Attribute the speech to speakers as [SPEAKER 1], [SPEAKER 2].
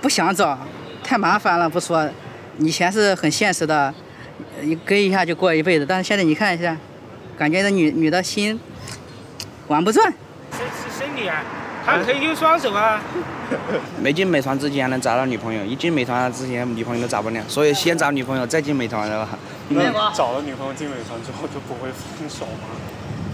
[SPEAKER 1] 不想找，太麻煩了。不說，以前是很現實的，一跟一下就過一輩子，但是現在你看一下，感覺這女女的心玩不轉是。是生理啊，他可以用雙手啊。嗯、沒進美團之前還能找到女朋友，一進美團之前女朋友都找不了，所以先找女朋友再進美團的話，因為有找了女朋友進美團之後就不會分手嘛。